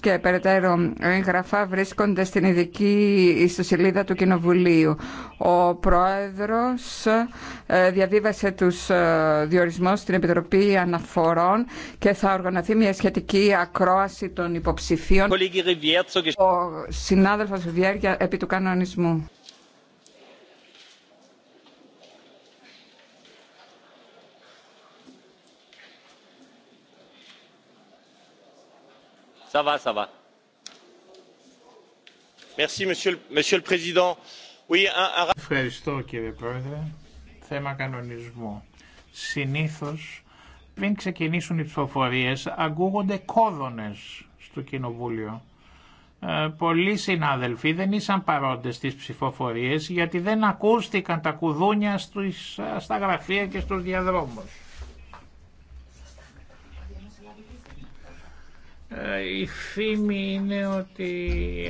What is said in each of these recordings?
και περαιτέρω εγγραφά βρίσκονται στην ειδική ιστοσελίδα του Κοινοβουλίου. Ο Πρόεδρος ε, διαβίβασε τους ε, διορισμούς στην Επιτροπή Αναφορών και θα οργανωθεί μια σχετική ακρόαση των υποψηφίων. Ο συνάδελφος Βιέργια επί του κανονισμού. Ευχαριστώ κύριε Πρόεδρε. Θέμα κανονισμού. Συνήθως πριν ξεκινήσουν οι ψηφοφορίες ακούγονται κόδωνες στο Κοινοβούλιο. Ε, πολλοί συνάδελφοι δεν ήσαν παρόντες στις ψηφοφορίες γιατί δεν ακούστηκαν τα κουδούνια στα γραφεία και στους διαδρόμους. Ε, η φήμη είναι ότι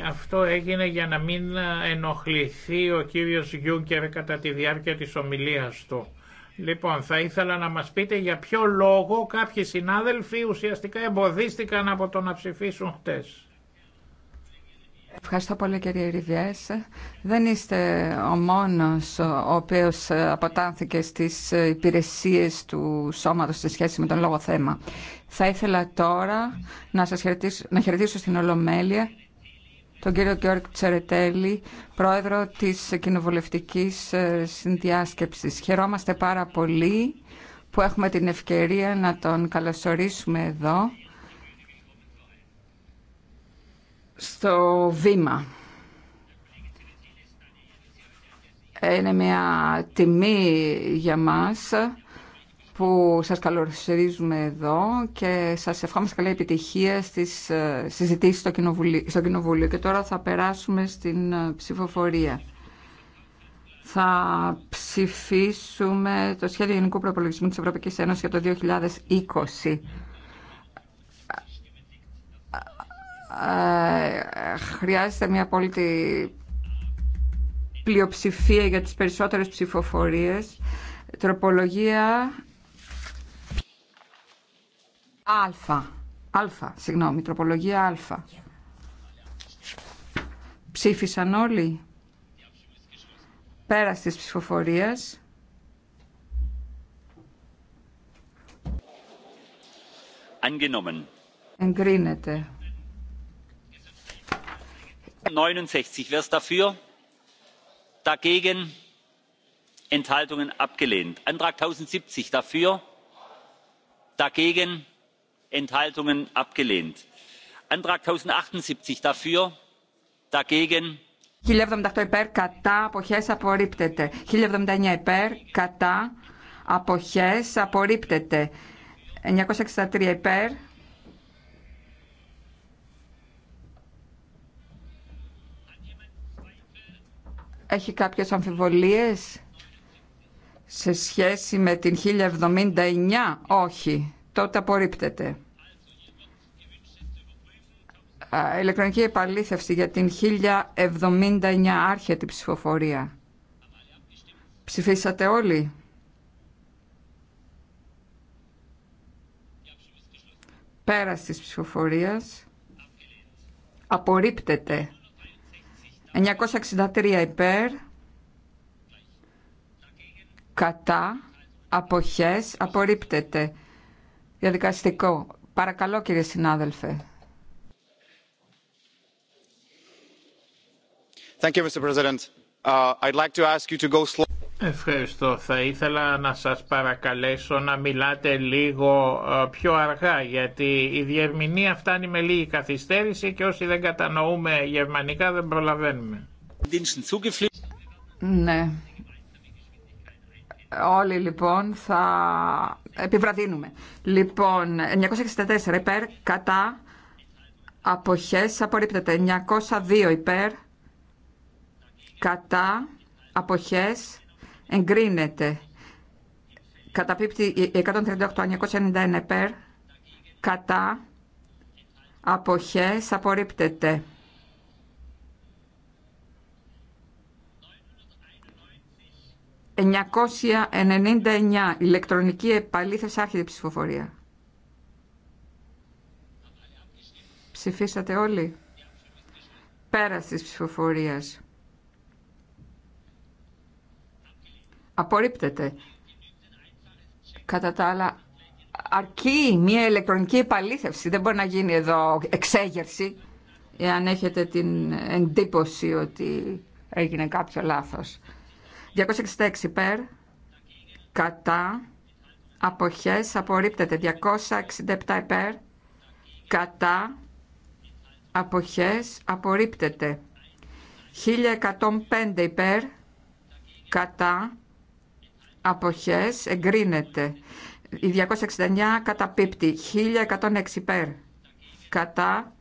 αυτό έγινε για να μην ενοχληθεί ο κύριος Γιούγκερ κατά τη διάρκεια της ομιλίας του. Λοιπόν, θα ήθελα να μας πείτε για ποιο λόγο κάποιοι συνάδελφοι ουσιαστικά εμποδίστηκαν από το να ψηφίσουν χτες. Ευχαριστώ πολύ κύριε Ριβιές. Δεν είστε ο μόνος ο οποίος αποτάνθηκε στις υπηρεσίες του σώματος σε σχέση με τον λόγο θέμα. Θα ήθελα τώρα να, σας χαιρετήσω, να χαιρετήσω στην Ολομέλεια τον κύριο Γιώργο Τσερετέλη, πρόεδρο της Κοινοβουλευτικής ε, Συνδιάσκεψης. Χαιρόμαστε πάρα πολύ που έχουμε την ευκαιρία να τον καλωσορίσουμε εδώ στο βήμα. Είναι μια τιμή για μας που σας καλωσορίζουμε εδώ και σας ευχόμαστε καλή επιτυχία στις ε, συζητήσεις στο Κοινοβουλίο, στο Και τώρα θα περάσουμε στην ε, ψηφοφορία. Θα ψηφίσουμε το σχέδιο Γενικού Προπολογισμού της Ευρωπαϊκής Ένωσης για το 2020. Ε, χρειάζεται μια απόλυτη πλειοψηφία για τις περισσότερες ψηφοφορίες. Τροπολογία Α. Α, συγγνώμη, τροπολογία Α. Ψήφισαν όλοι πέρα της ψηφοφορίας. Εγκρίνεται neunundsechzig wer ist dafür? dagegen? enthaltungen abgelehnt; antrag 1070 dafür? dagegen? enthaltungen abgelehnt; antrag 1078 dafür? dagegen? 1078 υπέρ κατά αποχές απορρίπτεται. 1079 υπέρ κατά αποχές απορρίπτεται. 963 υπέρ έχει κάποιες αμφιβολίες σε σχέση με την 1079. Όχι, τότε απορρίπτεται. Ηλεκτρονική επαλήθευση για την 1079 άρχεται η ψηφοφορία. Ψηφίσατε όλοι. Πέρας της ψηφοφορίας απορρίπτεται. 963 υπέρ, κατά, αποχές, απορρίπτεται. Διαδικαστικό. Παρακαλώ κύριε συνάδελφε. Thank you, Mr. President. Uh, I'd like to ask you to go slow. Ευχαριστώ. Θα ήθελα να σας παρακαλέσω να μιλάτε λίγο ε, πιο αργά γιατί η διερμηνία φτάνει με λίγη καθυστέρηση και όσοι δεν κατανοούμε γερμανικά δεν προλαβαίνουμε. Ναι. Όλοι λοιπόν θα επιβραδύνουμε. Λοιπόν, 964 υπέρ, κατά, αποχές, απορρίπτεται. 902 υπέρ, κατά, αποχές, εγκρινεται κατά Καταπίπτει 138-991 περ κατά, αποχές, απορρίπτεται. 999 ηλεκτρονική επαλήθευση άρχεται ψηφοφορία. Ψηφίσατε όλοι. Πέρας της ψηφοφορίας. Απορρίπτεται. Κατά τα άλλα, αρκεί μια ηλεκτρονική επαλήθευση. Δεν μπορεί να γίνει εδώ εξέγερση, εάν έχετε την εντύπωση ότι έγινε κάποιο λάθος. 266 υπέρ, κατά, αποχές, απορρίπτεται. 267 υπέρ, κατά, αποχές, απορρίπτεται. 1105 υπέρ, κατά, αποχές εγκρίνεται. Η 269 καταπίπτει. 1106 υπέρ. Κατά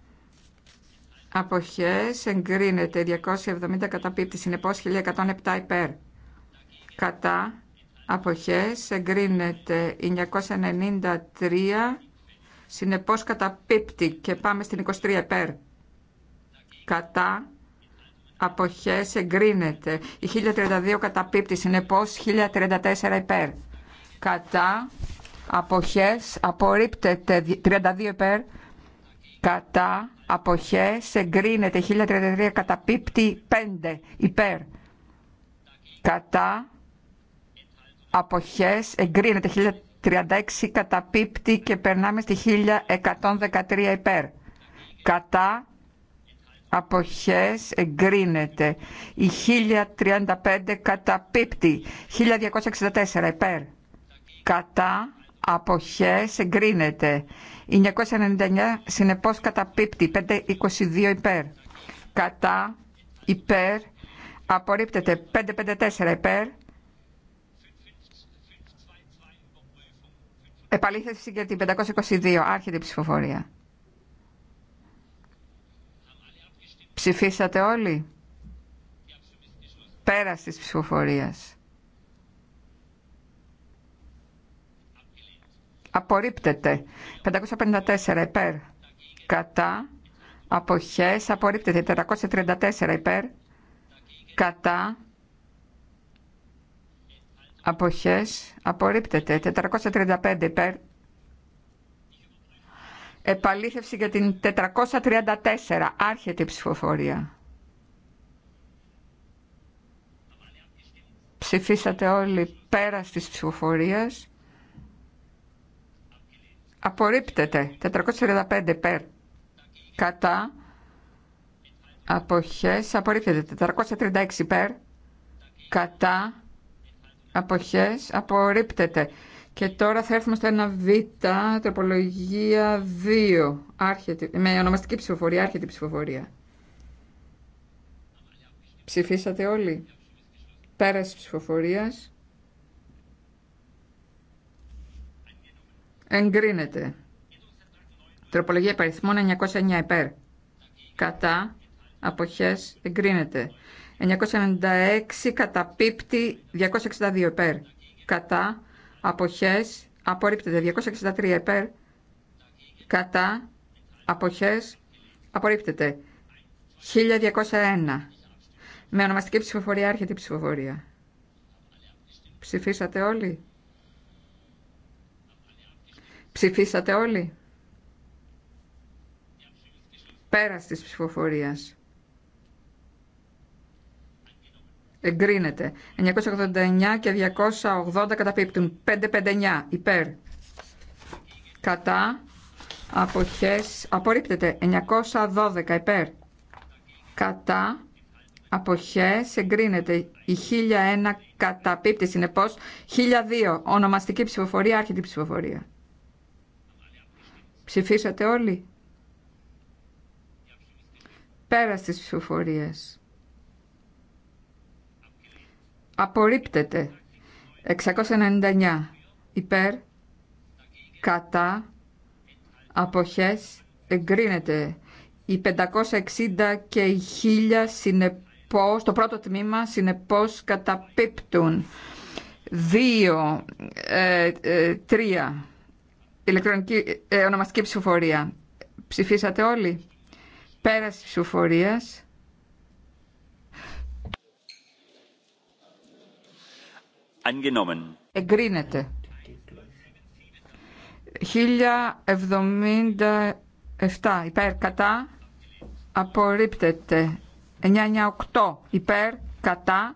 αποχές εγκρίνεται. 270 καταπίπτει. Συνεπώς 1107 υπέρ. Κατά αποχές εγκρίνεται. 993 συνεπώς καταπίπτει. Και πάμε στην 23 υπέρ. Κατά αποχές εγκρίνεται. Η 1032 καταπίπτει, Συνεπώ, 1034 υπέρ. Κατά αποχές απορρίπτεται 32 υπέρ. Κατά αποχές εγκρίνεται 1033 καταπίπτει 5 υπέρ. Κατά αποχές εγκρίνεται 1036 καταπίπτει και περνάμε στη 1113 υπέρ. Κατά αποχές εγκρίνεται. Η 1035 πίπτη 1264 υπέρ. Κατά αποχές εγκρίνεται. Η 999 συνεπώς πίπτη 522 υπέρ. Κατά υπέρ απορρίπτεται. 554 υπέρ. Επαλήθευση για την 522. Άρχεται η ψηφοφορία. Ψηφίσατε όλοι. Πέρας της ψηφοφορίας. Απορρίπτεται. 554 υπέρ. Κατά. Αποχές. Απορρίπτεται. 434 υπέρ. Κατά. Αποχές. Απορρίπτεται. 435 υπέρ. Επαλήθευση για την 434. Άρχεται η ψηφοφορία. Ψηφίσατε όλοι πέρα της ψηφοφορίας. Απορρίπτεται. 435 πέρ. Κατά. Αποχές. Απορρίπτεται. 436 πέρ. Κατά. Αποχές. Απορρίπτεται. Και τώρα θα έρθουμε στο 1β, τροπολογία 2, με ονομαστική ψηφοφορία, άρχεται ψηφοφορία. Ψηφίσατε όλοι. Πέραση ψηφοφορίας. Εγκρίνεται. Τροπολογία υπαριθμών 909 υπέρ. Κατά. Αποχές. Εγκρίνεται. 996 καταπίπτει 262 υπέρ. Κατά αποχές απορρίπτεται 263 υπέρ κατά αποχές απορρίπτεται 1201 με ονομαστική ψηφοφορία έρχεται η ψηφοφορία ψηφίσατε όλοι ψηφίσατε όλοι πέρας της ψηφοφορίας εγκρίνεται. 989 και 280 καταπίπτουν. 559 υπέρ. Κατά. Αποχές. Απορρίπτεται. 912 υπέρ. Κατά. Αποχές. Εγκρίνεται. Η 1001 καταπίπτει. Συνεπώ. 1002. Ονομαστική ψηφοφορία. Άρχεται ψηφοφορία. Ψηφίσατε όλοι. Πέρα στις ψηφοφορίες απορρίπτεται 699 υπέρ κατά αποχές εγκρίνεται οι 560 και οι 1000 συνεπώς το πρώτο τμήμα συνεπώς καταπίπτουν 2 ε, 3 ε, ηλεκτρονική ε, ονομαστική ψηφοφορία ψηφίσατε όλοι Πέραση ψηφοφορίας Εγκρίνεται. 1077 υπέρ κατά απορρίπτεται. 998 υπέρ κατά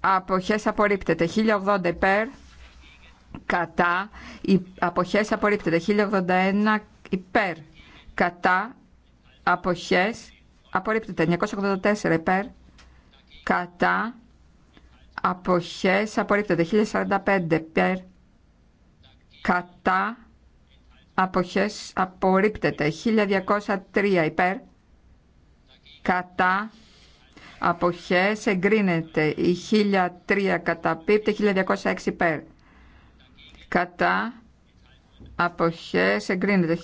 αποχές απορρίπτεται. 1080 υπέρ κατά αποχές απορρίπτεται. 1081 υπέρ κατά αποχές απορρίπτεται. 984 υπέρ κατά αποχές απορρίπτεται 1045 περ κατά αποχές απορρίπτεται 1203 υπέρ κατά αποχές εγκρίνεται η 1003 καταπίπτει 1206 υπέρ κατά αποχές εγκρίνεται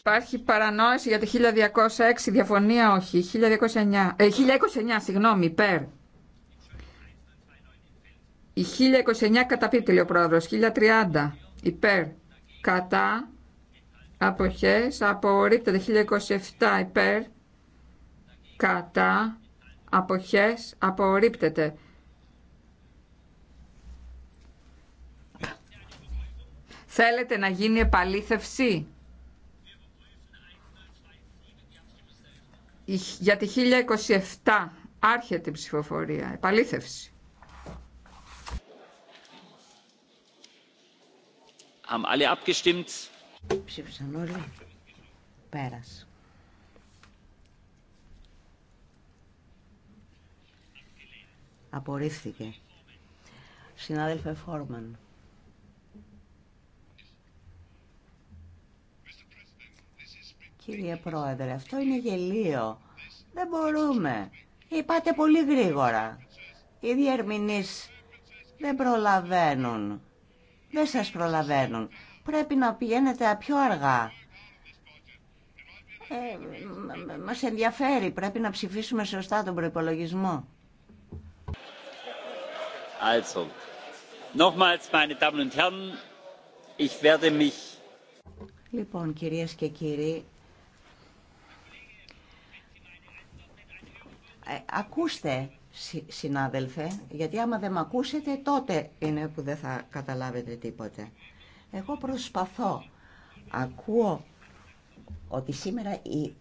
Υπάρχει παρανόηση για το 1206, διαφωνία όχι. 1209, 1029, ε, συγγνώμη, υπέρ. Η 1029 καταπίπτει, λέει ο πρόεδρος. 1030, υπέρ. Κατά. Αποχές. Απορρίπτεται. 1027, υπέρ. Κατά. Αποχές. Απορρίπτεται. Θέλετε να γίνει επαλήθευση. Για τη 1027 άρχεται η ψηφοφορία. Επαλήθευση. Haben alle abgestimmt? Ψήφισαν όλοι. Πέρασε. Απορρίφθηκε. Συνάδελφε Φόρμαν. Κύριε Πρόεδρε, αυτό είναι γελίο. Δεν μπορούμε. Είπατε πολύ γρήγορα. Οι διερμηνείς δεν προλαβαίνουν. Δεν σας προλαβαίνουν. Πρέπει να πηγαίνετε πιο αργά. Ε, μας ενδιαφέρει. Πρέπει να ψηφίσουμε σωστά τον προϋπολογισμό. Also, nochmals, meine Damen und Herren, ich werde mich... Λοιπόν, κυρίες και κύριοι, Ε, ακούστε συνάδελφε, γιατί άμα δεν με ακούσετε τότε είναι που δεν θα καταλάβετε τίποτε. Εγώ προσπαθώ, ακούω ότι σήμερα η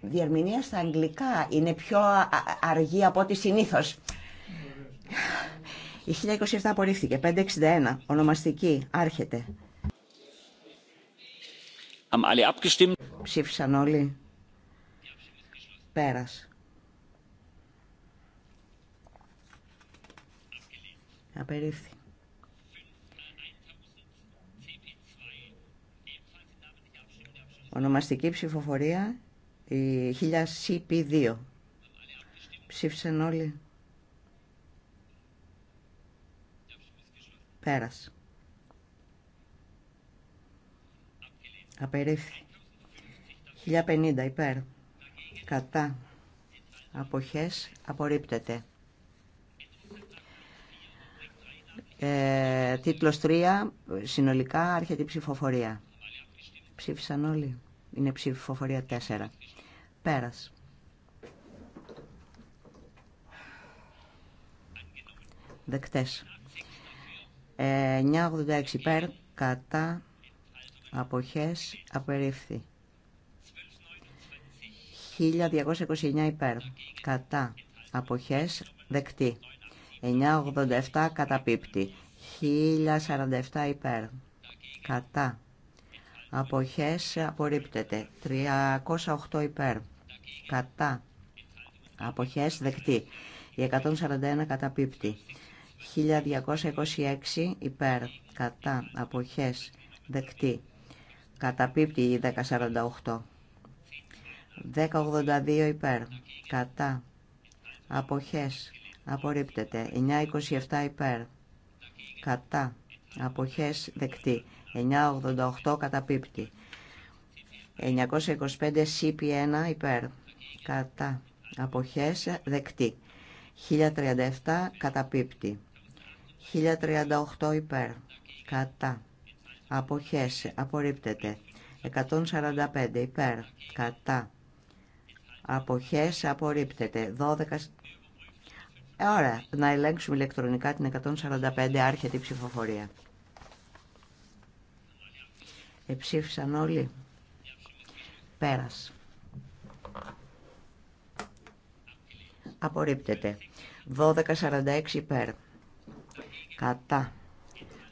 διερμηνία στα αγγλικά είναι πιο αργή από ό,τι συνήθως. Η 1027 απορρίφθηκε, 561, ονομαστική, άρχεται. Ψήφισαν όλοι. Πέρας. Απερίφθη. Ονομαστική ψηφοφορία η 1000 CP2. Ψήφισαν όλοι. Πέρας. Απερίφθη. 1050 υπέρ κατά αποχές απορρίπτεται. Ε, τίτλος 3, συνολικά άρχεται η ψηφοφορία. Ψήφισαν όλοι. Είναι ψηφοφορία 4. Πέρας. Δεκτές. Ε, 986 υπέρ, κατά, αποχές, απερίφθη. 1229 υπέρ. Κατά. Αποχές δεκτή. 987 πίπτη. 1047 υπέρ. Κατά. Αποχές απορρίπτεται. 308 υπέρ. Κατά. Αποχές δεκτή. 141 141 πίπτη. 1226 υπέρ. Κατά. Αποχές δεκτή. Καταπίπτει η 1048. 1082 υπέρ. Κατά. Αποχές. Απορρίπτεται. 927 υπέρ. Κατά. Αποχές δεκτή. 988 καταπίπτει. 925 CP1 υπέρ. Κατά. Αποχές δεκτή. 1037 καταπίπτει. 1038 υπέρ. Κατά. Αποχές απορρίπτεται. 145 υπέρ. Κατά. Αποχές απορρίπτεται. 12... Ε, ωραία, να ελέγξουμε ηλεκτρονικά την 145 άρχεται η ψηφοφορία. Εψήφισαν όλοι. Πέρας. Απορρίπτεται. 12.46 υπέρ. Κατά.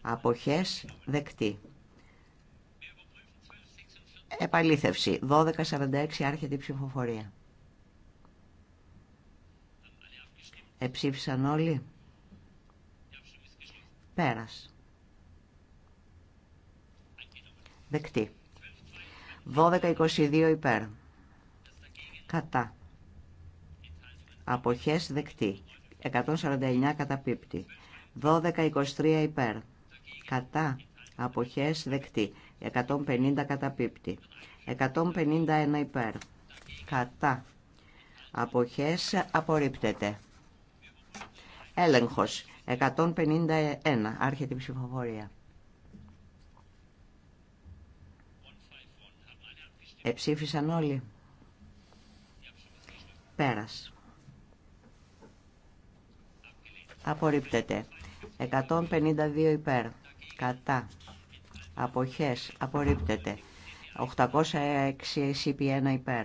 Αποχές δεκτή. Επαλήθευση. 12.46 άρχεται η ψηφοφορία. Εψήφισαν όλοι. Πέρας. Δεκτή. 12-22 υπέρ. Κατά. Αποχές δεκτή. 149 καταπίπτει. 12-23 υπέρ. Κατά. Αποχές δεκτή. 150 κατά πίπτη. 151 υπέρ. Κατά. Αποχές απορρίπτεται. Έλεγχος 151. Άρχεται η ψηφοφορία. Εψήφισαν όλοι. Πέρας. Απορρίπτεται. 152 υπέρ. Κατά. Αποχές. Απορρίπτεται. 806 CP1 υπέρ.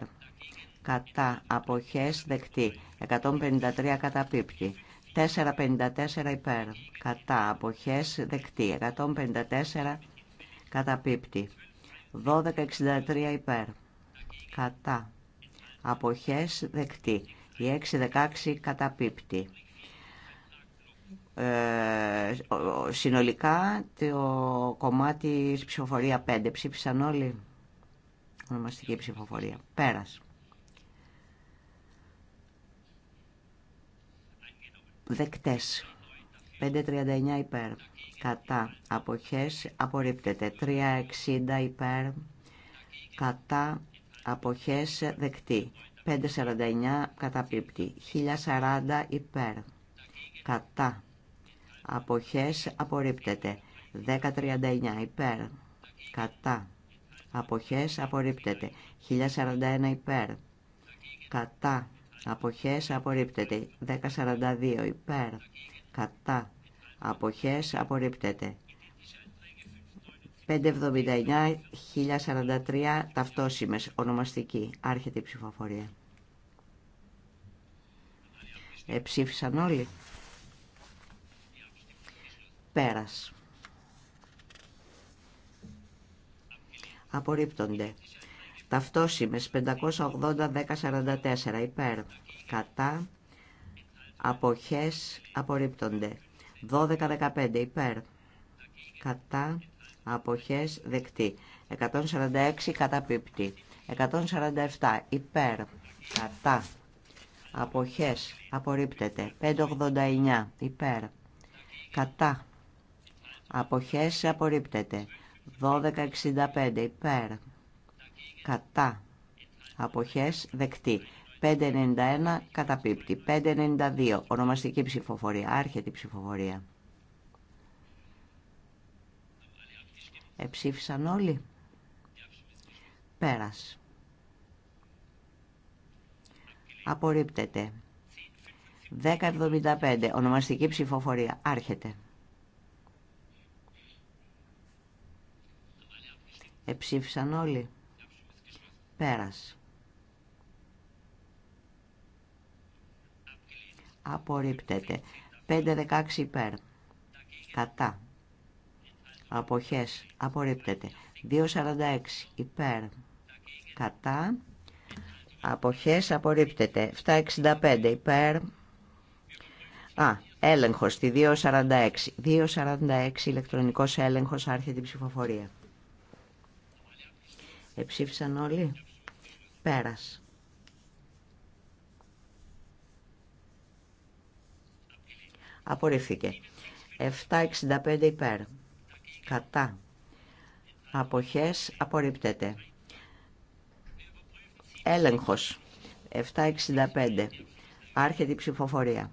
Κατά. Αποχές. Δεκτή. 153 καταπίπτει. 454 υπέρ. Κατά αποχές δεκτή. 154 κατά πίπτη, 1263 υπέρ. Κατά αποχές δεκτή. Η 616 καταπίπτει. Ε, συνολικά το κομμάτι ψηφοφορία 5 ψήφισαν όλοι ονομαστική ψηφοφορία. Πέρας. δεκτές. 5.39 υπέρ. Κατά αποχές απορρίπτεται. 3.60 υπέρ. Κατά αποχές δεκτή. 5.49 καταπίπτει. 1040 υπέρ. Κατά αποχές απορρίπτεται. 10.39 υπέρ. Κατά αποχές απορρίπτεται. 1041 υπέρ. Κατά αποχές απορρίπτεται 1042 υπέρ κατά αποχές απορρίπτεται 579 1043 ταυτόσημες ονομαστική άρχεται η ψηφοφορία ε, ψήφισαν όλοι πέρας απορρίπτονται Ταυτόσημες 580-1044 υπέρ. Κατά. Αποχές απορρίπτονται. 12-15 υπέρ. Κατά. Αποχές δεκτή. 146 καταπίπτει. 147 υπέρ. Κατά. Αποχές απορρίπτεται. 589 υπέρ. Κατά. Αποχές απορρίπτεται. 1265 υπέρ κατά αποχές δεκτή 591 καταπίπτει 592 ονομαστική ψηφοφορία άρχεται η ψηφοφορία εψήφισαν όλοι πέρας απορρίπτεται 1075 ονομαστική ψηφοφορία άρχεται εψήφισαν όλοι Πέρας. Απορρίπτεται. 5-16 υπέρ. Κατά. Αποχές. Απορρίπτεται. 2-46 υπέρ. Κατά. Αποχές. Απορρίπτεται. 7-65 υπέρ. Α, έλεγχος 46 2.46. 2.46 ηλεκτρονικός έλεγχος άρχεται η ψηφοφορία. Εψήφισαν όλοι. Πέρας. Απορρίφθηκε. 7,65 υπέρ. Κατά. Αποχές απορρίπτεται. Έλεγχος. 7,65. Άρχεται η ψηφοφορία.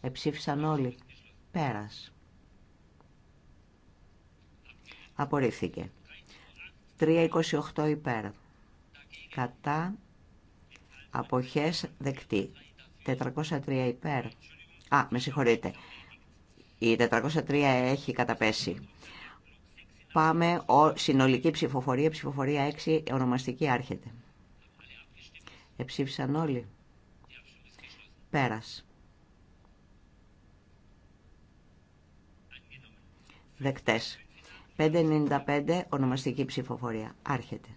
Εψήφισαν όλοι. Πέρας. Απορρίφθηκε. 3.28 υπέρ. Κατά αποχές δεκτή. 403 υπέρ. Α, με συγχωρείτε. Η 403 έχει καταπέσει. Πάμε ο, συνολική ψηφοφορία, ψηφοφορία 6, ονομαστική άρχεται. Εψήφισαν όλοι. Πέρας. Δεκτές. 595 ονομαστική ψηφοφορία. Άρχεται.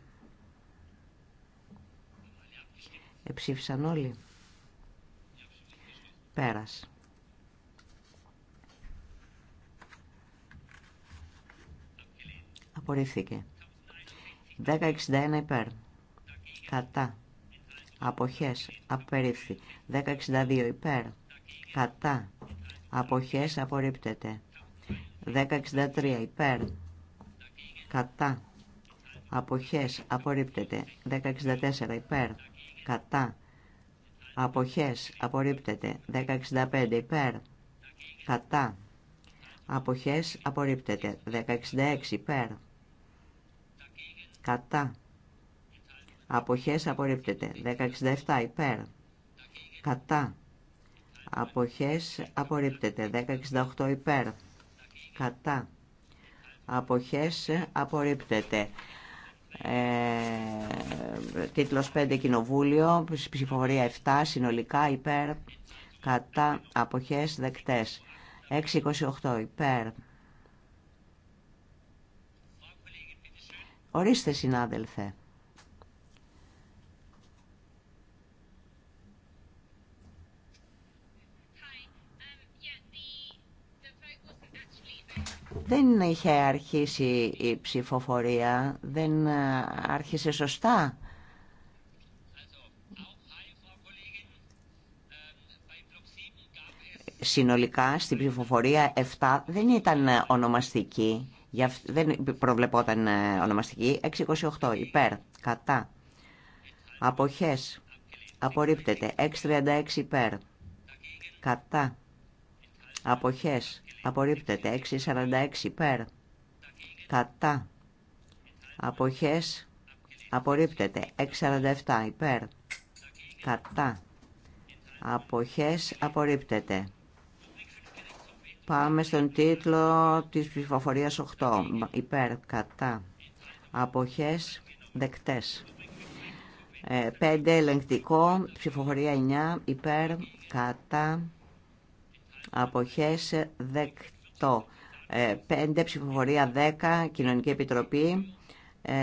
Εψήφισαν όλοι. Πέρας. Απορρίφθηκε. 1061 υπέρ. Κατά. Αποχές. Απερίφθη. 1062 υπέρ. Κατά. Αποχές απορρίπτεται. 1063 υπέρ κατά αποχές απορρίπτεται 1064 υπέρ κατά αποχές απορρίπτεται 1065 υπέρ κατά αποχές απορρίπτεται 1066 υπέρ κατά αποχές απορρίπτεται 1067 υπέρ κατά αποχές απορρίπτεται 1068 υπέρ κατά αποχές απορρίπτεται. Ε, τίτλος 5 Κοινοβούλιο, ψηφοφορία 7, συνολικά υπέρ, κατά, αποχές, δεκτές. 6.28 υπέρ. Ορίστε συνάδελφε. Δεν είχε αρχίσει η ψηφοφορία, δεν ε, άρχισε σωστά. Συνολικά στην ψηφοφορία 7 δεν ήταν ονομαστική, δεν προβλεπόταν ε, ονομαστική, 628 υπέρ, κατά, αποχές, απορρίπτεται, 636 υπέρ, κατά, αποχές, απορρίπτεται 6.46 υπέρ κατά αποχές απορρίπτεται 6.47 υπέρ κατά αποχές απορρίπτεται Πάμε στον τίτλο της ψηφοφορίας 8. Υπέρ, κατά, αποχές, δεκτές. 5 ε, ελεγκτικό, ψηφοφορία 9, υπέρ, κατά, αποχές δεκτό. 5 ε, ψηφοφορία 10 κοινωνική επιτροπή ε,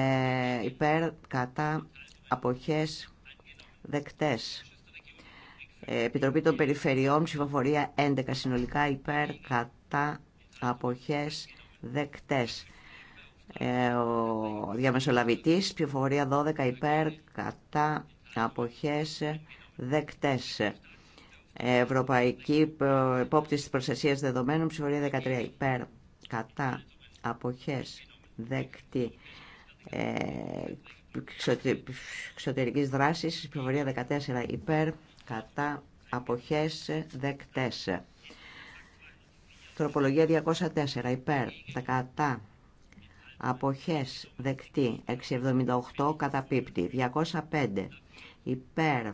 υπέρ κατά αποχές δεκτές. Ε, επιτροπή των Περιφερειών, ψηφοφορία 11 συνολικά υπέρ κατά αποχές δεκτές. Ο διαμεσολαβητής, ψηφοφορία 12 υπέρ κατά αποχές δεκτές. Ευρωπαϊκή Επόπτηση της Προστασίας Δεδομένων, ψηφορία 13 υπέρ, κατά, αποχές, δεκτή, ε, εξωτερικής δράσης, ψηφορία 14 υπέρ, κατά, αποχές, δεκτές. Τροπολογία 204 υπέρ, κατά, αποχές, δεκτή, 678 κατά πίπτη 205 υπέρ,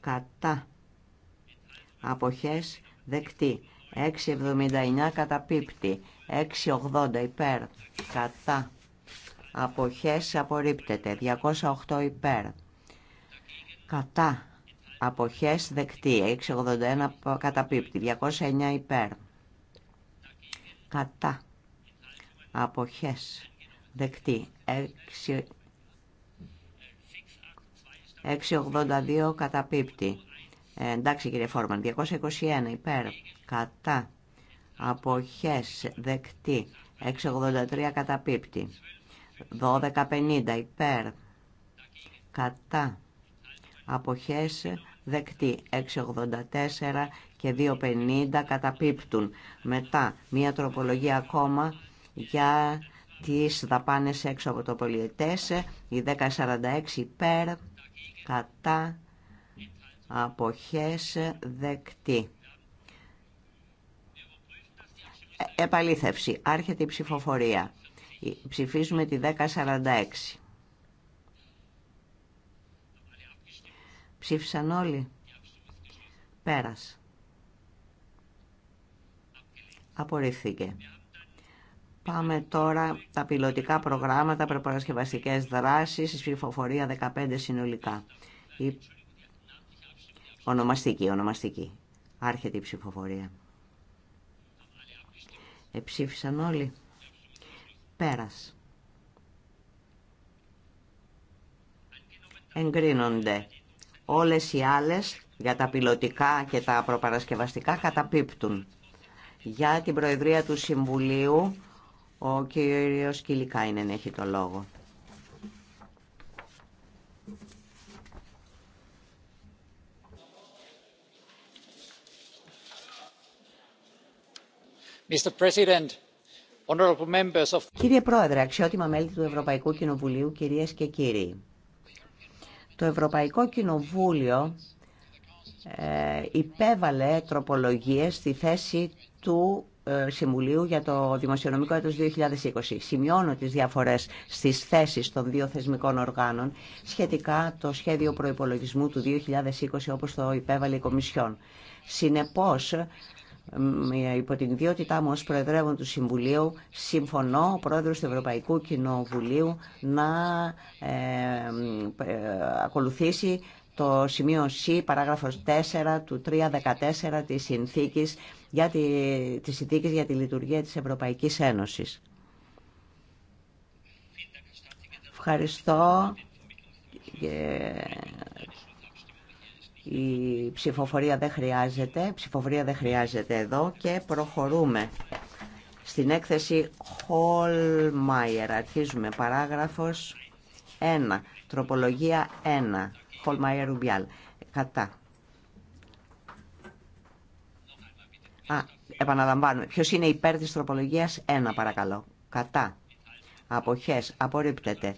κατά, αποχές δεκτή 6,79 πίπτη. 6,80 υπέρ κατά αποχές απορρίπτεται 208 υπέρ κατά αποχές δεκτή 6,81 πίπτη. 209 υπέρ κατά αποχές δεκτή 6,82 καταπίπτει ε, εντάξει κύριε Φόρμαν, 221 υπέρ, κατά, αποχές, δεκτή, 683 καταπίπτει, 1250 υπέρ, κατά, αποχές, δεκτή, 684 και 250 καταπίπτουν. Μετά, μία τροπολογία ακόμα για τις δαπάνες έξω από το πολιετές, η 1046 υπέρ, κατά, αποχές δεκτή. Ε, επαλήθευση. Άρχεται η ψηφοφορία. Ψηφίζουμε τη 1046. Ψήφισαν όλοι. Πέρας. Απορρίφθηκε. Πάμε τώρα τα πιλωτικά προγράμματα, προπαρασκευαστικές δράσεις, ψηφοφορία 15 συνολικά. Ονομαστική, ονομαστική. Άρχεται η ψηφοφορία. Εψήφισαν όλοι. Πέρας. Εγκρίνονται. Όλες οι άλλες για τα πιλωτικά και τα προπαρασκευαστικά καταπίπτουν. Για την Προεδρία του Συμβουλίου ο κύριος Κιλικάινεν έχει το λόγο. Κύριε Πρόεδρε, αξιότιμα μέλη του Ευρωπαϊκού Κοινοβουλίου, κυρίες και κύριοι. Το Ευρωπαϊκό Κοινοβούλιο ε, υπέβαλε τροπολογίες στη θέση του ε, Συμβουλίου για το Δημοσιονομικό έτος 2020. Σημειώνω τις διαφορές στις θέσεις των δύο θεσμικών οργάνων σχετικά το σχέδιο προϋπολογισμού του 2020 όπως το υπέβαλε η Κομισιόν. Συνεπώς, υπό την ιδιότητά μου ως Προεδρεύον του Συμβουλίου συμφωνώ ο Πρόεδρος του Ευρωπαϊκού Κοινοβουλίου να ε, ε, ακολουθήσει το σημείο C, παράγραφος 4 του 314 της συνθήκης για τη, της συνθήκης για τη λειτουργία της Ευρωπαϊκής Ένωσης. Ευχαριστώ η ψηφοφορία δεν χρειάζεται, ψηφοφορία δεν χρειάζεται εδώ και προχωρούμε. Στην έκθεση Χολμάιερ αρχίζουμε παράγραφος 1, τροπολογία 1, Χολμάιερ Ρουμπιάλ, κατά. Α, επαναλαμβάνουμε, ποιος είναι υπέρ της τροπολογίας 1 παρακαλώ, κατά. Αποχές, απορρίπτεται.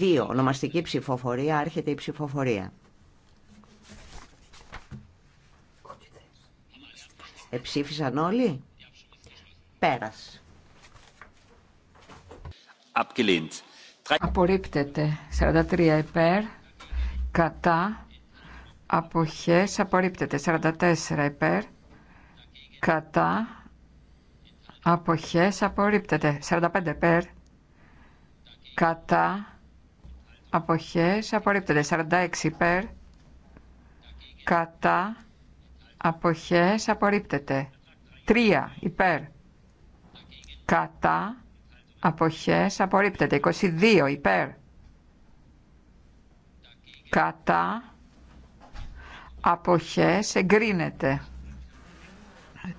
2, ονομαστική ψηφοφορία, άρχεται η ψηφοφορία. Εψήφισαν όλοι. Πέρας. Απορρίπτεται. 43 υπέρ. Κατά. Αποχές. Απορρίπτεται. 44 υπέρ. Κατά. Αποχές. Απορρίπτεται. 45 υπέρ. Κατά. Αποχές. Απορρίπτεται. 46 υπέρ. Κατά αποχές απορρίπτεται. 3 υπέρ κατά αποχές απορρίπτεται. 22 υπέρ κατά αποχές εγκρίνεται.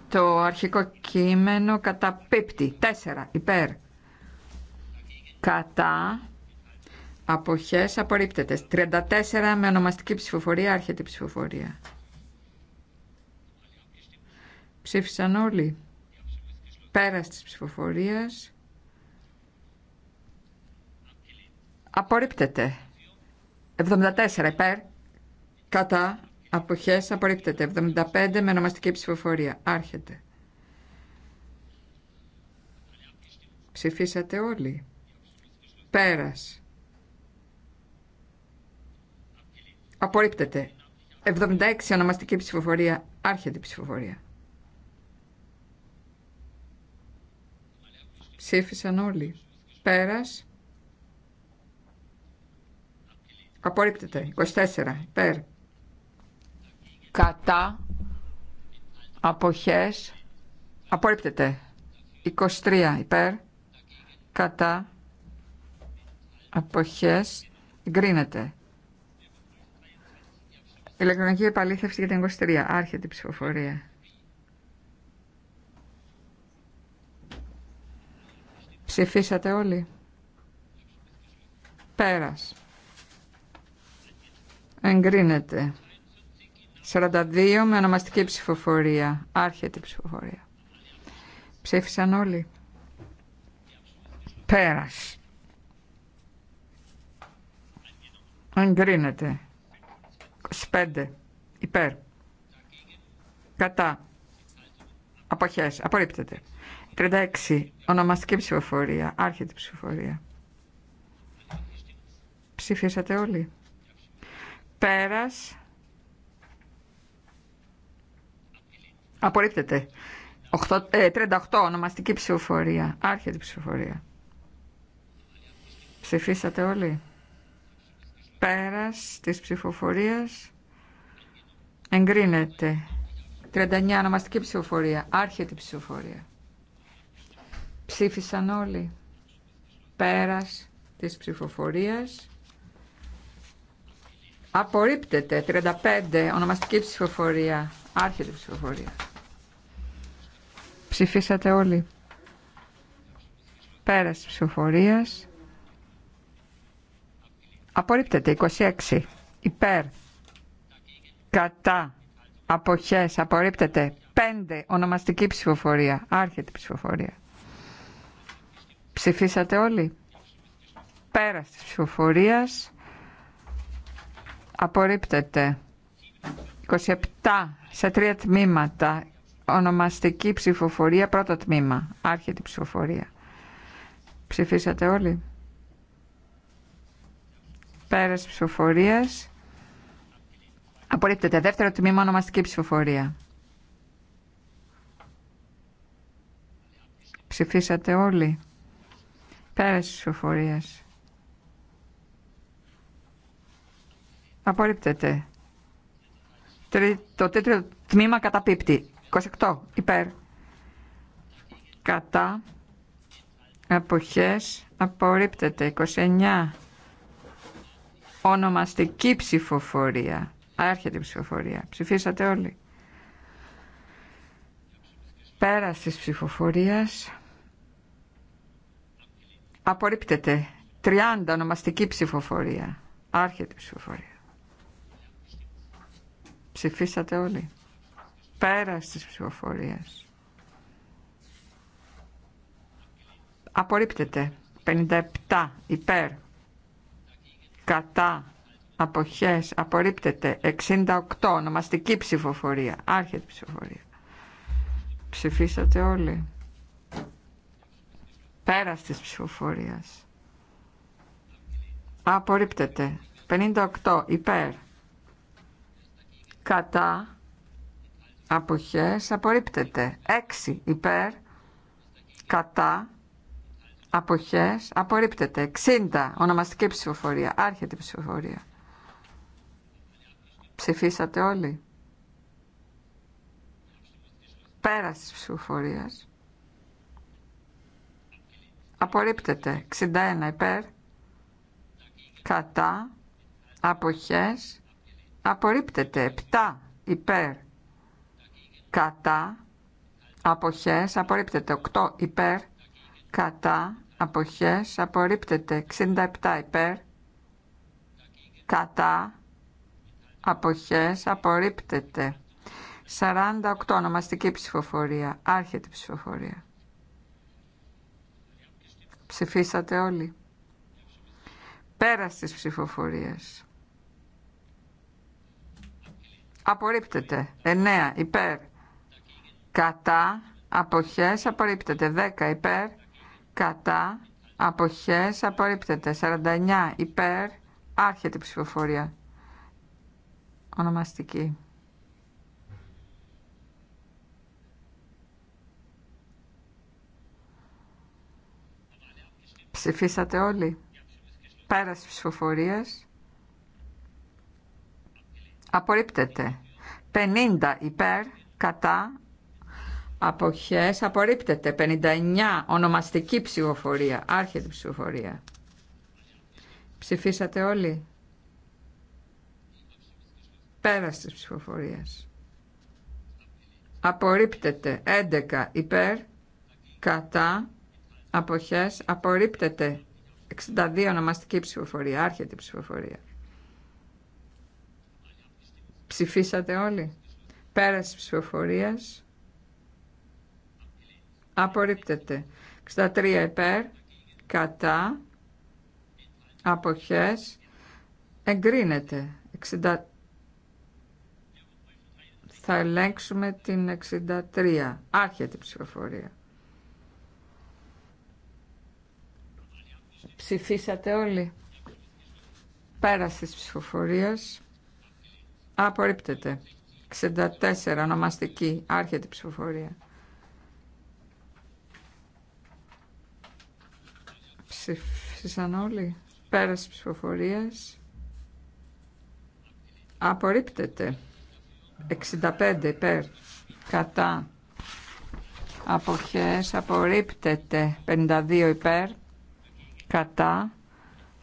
Το αρχικό κείμενο καταπίπτει. 4 υπέρ κατά αποχές απορρίπτεται. 34 με ονομαστική ψηφοφορία, άρχεται ψηφοφορία. Ψήφισαν όλοι. Πέρας της ψηφοφορίας. Απορρίπτεται. 74 υπέρ. Κατά. Αποχές απορρίπτεται. 75 με ονομαστική ψηφοφορία. Άρχεται. Ψηφίσατε όλοι. Πέρας. Απορρίπτεται. 76 ονομαστική ψηφοφορία. Άρχεται η ψηφοφορία. Ψήφισαν όλοι. Πέρας. Απορρίπτεται. 24. Υπέρ. Κατά. Αποχές. Απορρίπτεται. 23. Υπέρ. Κατά. Αποχές. Εγκρίνεται. Ηλεκτρονική επαλήθευση για την 23. Άρχεται η ψηφοφορία. Ψηφίσατε όλοι. Πέρας. Εγκρίνεται. 42 με ονομαστική ψηφοφορία. Άρχεται η ψηφοφορία. Ψήφισαν όλοι. Πέρας. Εγκρίνεται. 25. Υπέρ. Κατά. Αποχές. Απορρίπτεται. 36. Ονομαστική ψηφοφορία. Άρχεται ψηφοφορία. Ψηφίσατε όλοι. Πέρας. Απορρίπτεται. 38. Ε, Ονομαστική ψηφοφορία. Άρχεται ψηφοφορία. Ψηφίσατε όλοι. Πέρας της ψηφοφορίας. Εγκρίνεται. 39. Ονομαστική ψηφοφορία. Άρχεται ψηφοφορία. Ψήφισαν όλοι. Πέρας της ψηφοφορίας. Απορρίπτεται. 35. Ονομαστική ψηφοφορία. Άρχεται ψηφοφορία. Ψηφίσατε όλοι. Πέρας της ψηφοφορίας. Απορρίπτεται. 26. Υπέρ. Κατά. Αποχές. Απορρίπτεται. 5. Ονομαστική ψηφοφορία. Άρχεται ψηφοφορία. Ψηφίσατε όλοι. Πέρα της ψηφοφορίας απορρίπτεται. 27 σε τρία τμήματα. Ονομαστική ψηφοφορία, πρώτο τμήμα. Άρχεται η ψηφοφορία. Ψηφίσατε όλοι. Πέρα της ψηφοφορίας απορρίπτεται. Δεύτερο τμήμα, ονομαστική ψηφοφορία. Ψηφίσατε όλοι. Πέρας της ψηφοφορίας. Απορρίπτεται. Το τέτοιο τμήμα καταπίπτει. 28. Υπέρ. Κατά. Αποχές. Απορρίπτεται. 29. Ονομαστική ψηφοφορία. Άρχεται η ψηφοφορία. Ψηφίσατε όλοι. Πέρας της ψηφοφορίας. Απορρίπτεται. 30 ονομαστική ψηφοφορία. Άρχεται ψηφοφορία. Ψηφίσατε όλοι. Πέρα της ψηφοφορίας. Απορρίπτεται. 57 υπέρ. Κατά. Αποχές. Απορρίπτεται. 68 ονομαστική ψηφοφορία. Άρχεται ψηφοφορία. Ψηφίσατε όλοι. Πέρας της ψηφοφορίας. Απορρίπτεται. 58 υπέρ. Κατά. Αποχές. Απορρίπτεται. 6 υπέρ. Κατά. Αποχές. Απορρίπτεται. 60. Ονομαστική ψηφοφορία. Άρχεται η ψηφοφορία. Ψηφίσατε όλοι. Πέρας της ψηφοφορίας απορρίπτεται 61 υπέρ κατά αποχές απορρίπτεται 7 υπέρ κατά αποχές απορρίπτεται 8 υπέρ κατά αποχές απορρίπτεται 67 υπέρ κατά αποχές απορρίπτεται 48 ονομαστική ψηφοφορία άρχεται ψηφοφορία Ψηφίσατε όλοι. Πέρα της ψηφοφορίας. Απορρίπτεται. 9 υπέρ. Κατά. Αποχές απορρίπτεται. 10 υπέρ. Κατά. Αποχές απορρίπτεται. 49 υπέρ. Άρχεται η ψηφοφορία. Ονομαστική. Ψηφίσατε όλοι. τη ψηφοφορίας. Απορρίπτεται. 50 υπέρ, κατά, αποχές. Απορρίπτεται. 59 ονομαστική ψηφοφορία. Άρχεται ψηφοφορία. Ψηφίσατε όλοι. Πέρας της ψηφοφορίας. Απορρίπτεται. 11 υπέρ, κατά, αποχές απορρίπτεται 62 ονομαστική ψηφοφορία άρχεται η ψηφοφορία ψηφίσατε όλοι Πέραση ψηφοφορίας απορρίπτεται 63 υπέρ κατά αποχές εγκρίνεται 63 θα ελέγξουμε την 63 άρχεται η ψηφοφορία Ψηφίσατε όλοι. Πέραση της ψηφοφορίας. Απορρίπτεται. 64 ονομαστική. Άρχεται η ψηφοφορία. Ψήφισαν όλοι. Πέραση της ψηφοφορίας. Απορρίπτεται. 65 υπέρ. Κατά. Αποχές. Απορρίπτεται. 52 υπέρ κατά,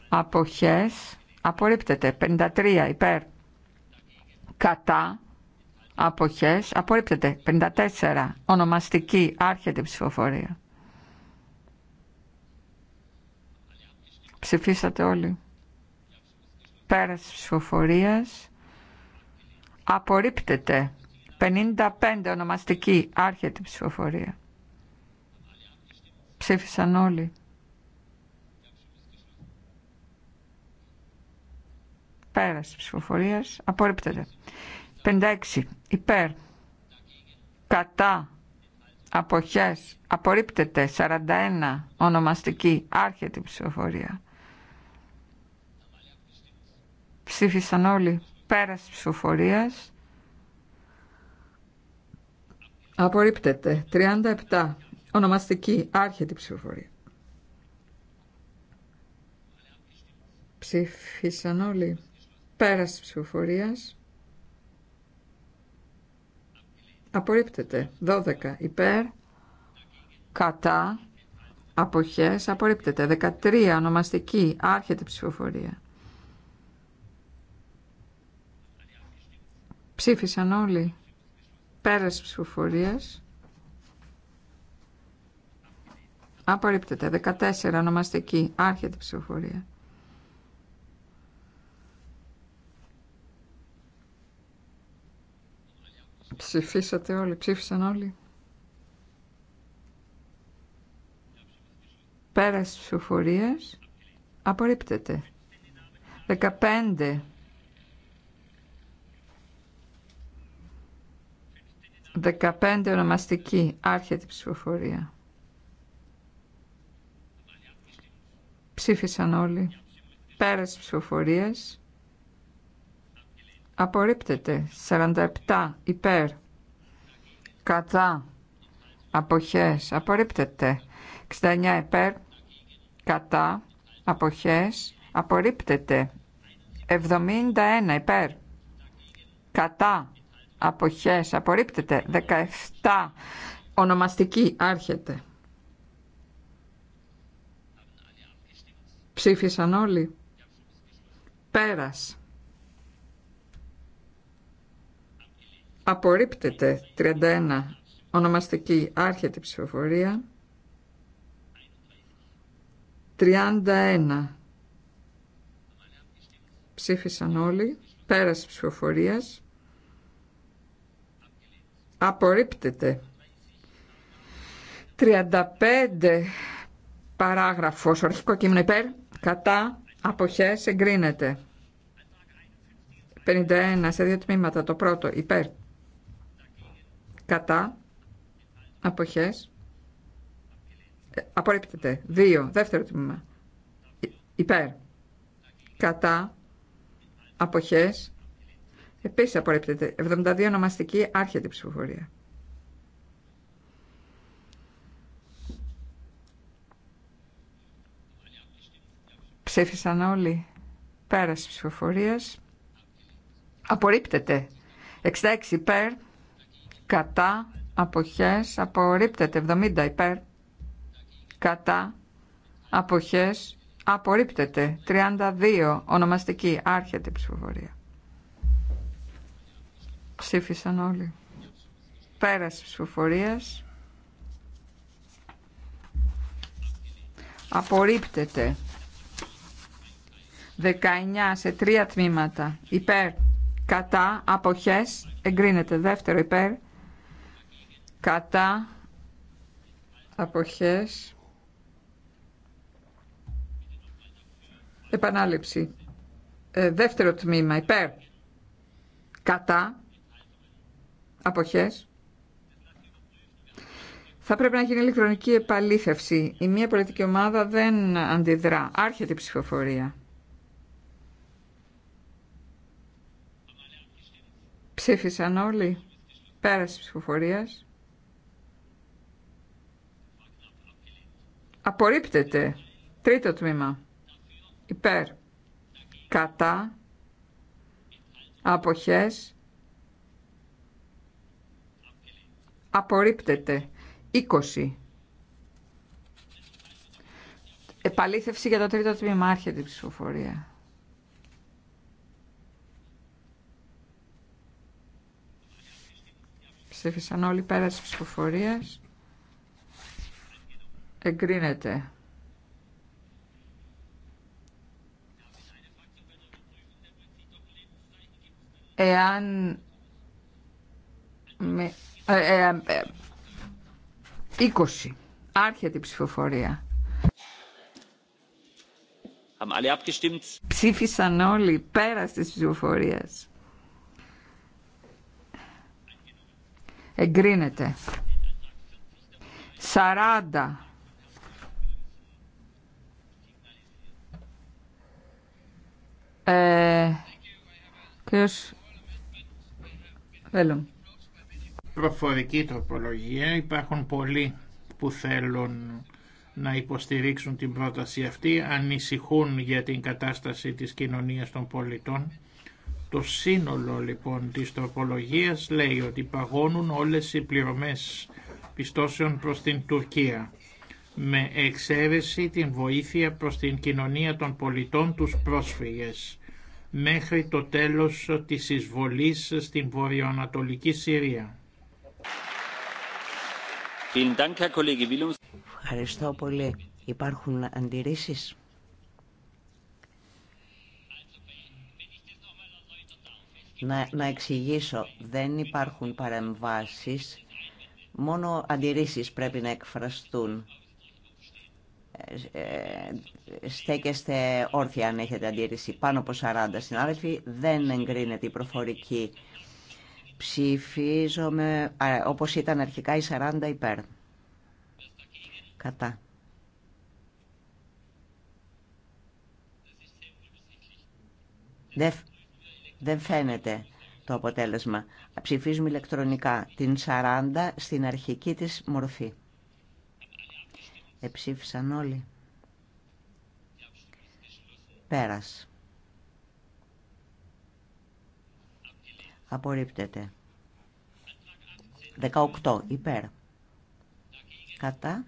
αποχές, απορρίπτεται. 53 υπέρ, κατά, αποχές, απορρίπτεται. 54 ονομαστική, άρχεται ψηφοφορία. Ψηφίσατε όλοι. Πέρας ψηφοφορίας. Απορρίπτεται. 55 ονομαστική. Άρχεται ψηφοφορία. Ψήφισαν όλοι. Πέρας ψηφοφορία. Απορρίπτεται. 56. Υπέρ. Κατά. Αποχέ. Απορρίπτεται. 41. Ονομαστική. Άρχεται η ψηφοφορία. Ψήφισαν όλοι. Πέρας ψηφοφορία. Απορρίπτεται. 37. Ονομαστική. Άρχεται η ψηφοφορία. Ψήφισαν όλοι. Πέρας της ψηφοφορίας. Απορρίπτεται. 12 υπέρ. Κατά. Αποχές. Απορρίπτεται. 13 ονομαστική. Άρχεται ψηφοφορία. Ψήφισαν όλοι. Πέρας της ψηφοφορίας. Απορρίπτεται. 14 ονομαστική. Άρχεται ψηφοφορία. Ψηφίσατε όλοι, ψήφισαν όλοι. Πέρας ψηφοφορίας απορρίπτεται. 15. 15 ονομαστική άρχεται η ψηφοφορία. Ψήφισαν όλοι. Πέρας ψηφοφορίες, απορρίπτεται 47 υπέρ κατά αποχές απορρίπτεται 69 υπέρ κατά αποχές απορρίπτεται 71 υπέρ κατά αποχές απορρίπτεται 17 ονομαστική άρχεται ψήφισαν όλοι πέρας Απορρίπτεται 31. Ονομαστική άρχεται ψηφοφορία. 31. Ψήφισαν όλοι. Πέραση ψηφοφορίας. Απορρίπτεται. 35 παράγραφος. Αρχικό κείμενο υπέρ. Κατά. Αποχές εγκρίνεται. 51 σε δύο τμήματα. Το πρώτο υπέρ κατά, αποχές, ε, απορρίπτεται. Δύο. Δεύτερο τμήμα. Ε, υπέρ. Κατά. Αποχές. Επίσης απορρίπτεται. 72 ονομαστική άρχεται η ψηφοφορία. Ψήφισαν όλοι. Πέραση ψηφοφορίας. Απορρίπτεται. 66 υπέρ κατά αποχές απορρίπτεται 70 υπέρ κατά αποχές απορρίπτεται 32 ονομαστική άρχεται η ψηφοφορία ψήφισαν όλοι πέραση ψηφοφορίας απορρίπτεται 19 σε τρία τμήματα υπέρ κατά αποχές εγκρίνεται δεύτερο υπέρ κατά αποχές επανάληψη ε, δεύτερο τμήμα υπέρ κατά αποχές θα πρέπει να γίνει ηλεκτρονική επαλήθευση. Η μία πολιτική ομάδα δεν αντιδρά. Άρχεται η ψηφοφορία. Ψήφισαν όλοι πέρας της Απορρίπτεται. Τρίτο τμήμα. Υπέρ. Κατά. Αποχές. Απορρίπτεται. 20. Επαλήθευση για το τρίτο τμήμα. Άρχεται η ψηφοφορία. Ψήφισαν όλοι πέρα της ψηφοφορίας εγκρίνεται. Εάν 20 ε, ε, ε, άρχεται η ψηφοφορία. Ψήφισαν όλοι πέρα τη ψηφοφορία. Εγκρίνεται. 40 Ε, Προφορική τροπολογία. Υπάρχουν πολλοί που θέλουν να υποστηρίξουν την πρόταση αυτή, ανησυχούν για την κατάσταση της κοινωνίας των πολιτών. Το σύνολο λοιπόν της τροπολογίας λέει ότι παγώνουν όλες οι πληρωμές πιστώσεων προς την Τουρκία με εξαίρεση την βοήθεια προς την κοινωνία των πολιτών τους πρόσφυγες μέχρι το τέλος της εισβολής στην βορειοανατολική Συρία. Ευχαριστώ πολύ. Υπάρχουν αντιρρήσεις. Να, να εξηγήσω, δεν υπάρχουν παρεμβάσεις, μόνο αντιρρήσεις πρέπει να εκφραστούν. Ε, ε, στέκεστε όρθια αν έχετε αντίρρηση. Πάνω από 40 συνάδελφοι δεν εγκρίνεται η προφορική. Ψηφίζομαι όπως ήταν αρχικά η 40 υπέρ. Κατά. Δεν, δεν φαίνεται το αποτέλεσμα. Ψηφίζουμε ηλεκτρονικά την 40 στην αρχική της μορφή. Εψήφισαν όλοι. Πέρας. Απορρίπτεται. 18 υπέρ. Κατά.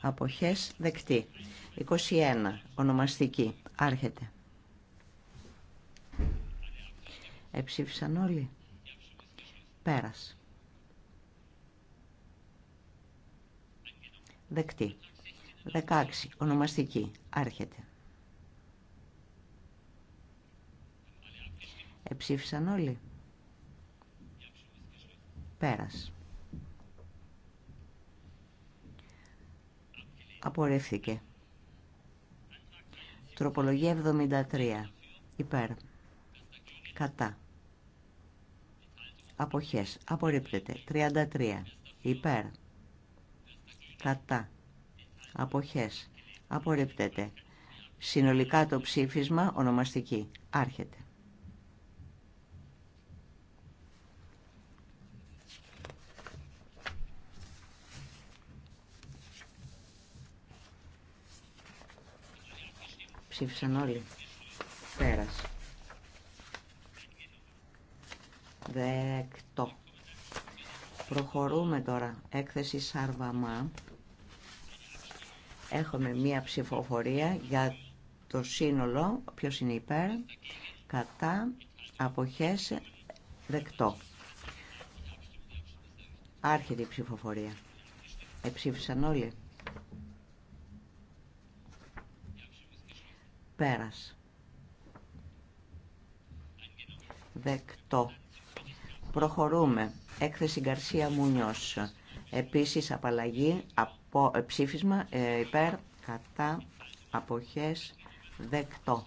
Αποχές δεκτή. 21 ονομαστική. Άρχεται. Εψήφισαν όλοι. Πέρας. Δεκτή. 16. Ονομαστική. Άρχεται. Εψήφισαν όλοι. Πέρας. Απορρίφθηκε. Τροπολογία 73. Υπέρ. Κατά. Αποχές. Απορρίπτεται. 33. Υπέρ κατά αποχές απορρίπτεται συνολικά το ψήφισμα ονομαστική άρχεται ψήφισαν όλοι Πέρασε. δεκτό προχωρούμε τώρα έκθεση Σαρβαμά Έχουμε μία ψηφοφορία για το σύνολο, ποιος είναι υπέρ, κατά, αποχές, δεκτό. Άρχεται η ψηφοφορία. Εψήφισαν όλοι. Πέρας. Δεκτό. Προχωρούμε. Έκθεση Γκαρσία Μουνιός. Επίσης απαλλαγή από ε, ψήφισμα ε, υπέρ κατά αποχές δεκτό.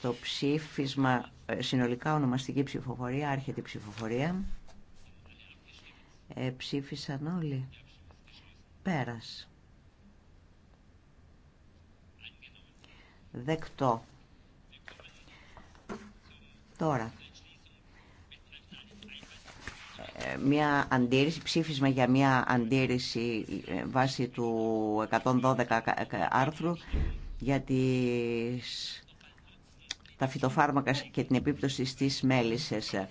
Το ψήφισμα ε, συνολικά ονομαστική ψηφοφορία, άρχεται η ψηφοφορία. ψήφισαν όλοι. Πέρας. Δεκτό. Τώρα. μια αντίρρηση, ψήφισμα για μια αντίρρηση ε, βάσει του 112 άρθρου για τις, τα φυτοφάρμακα και την επίπτωση στις μέλισσες. Ε,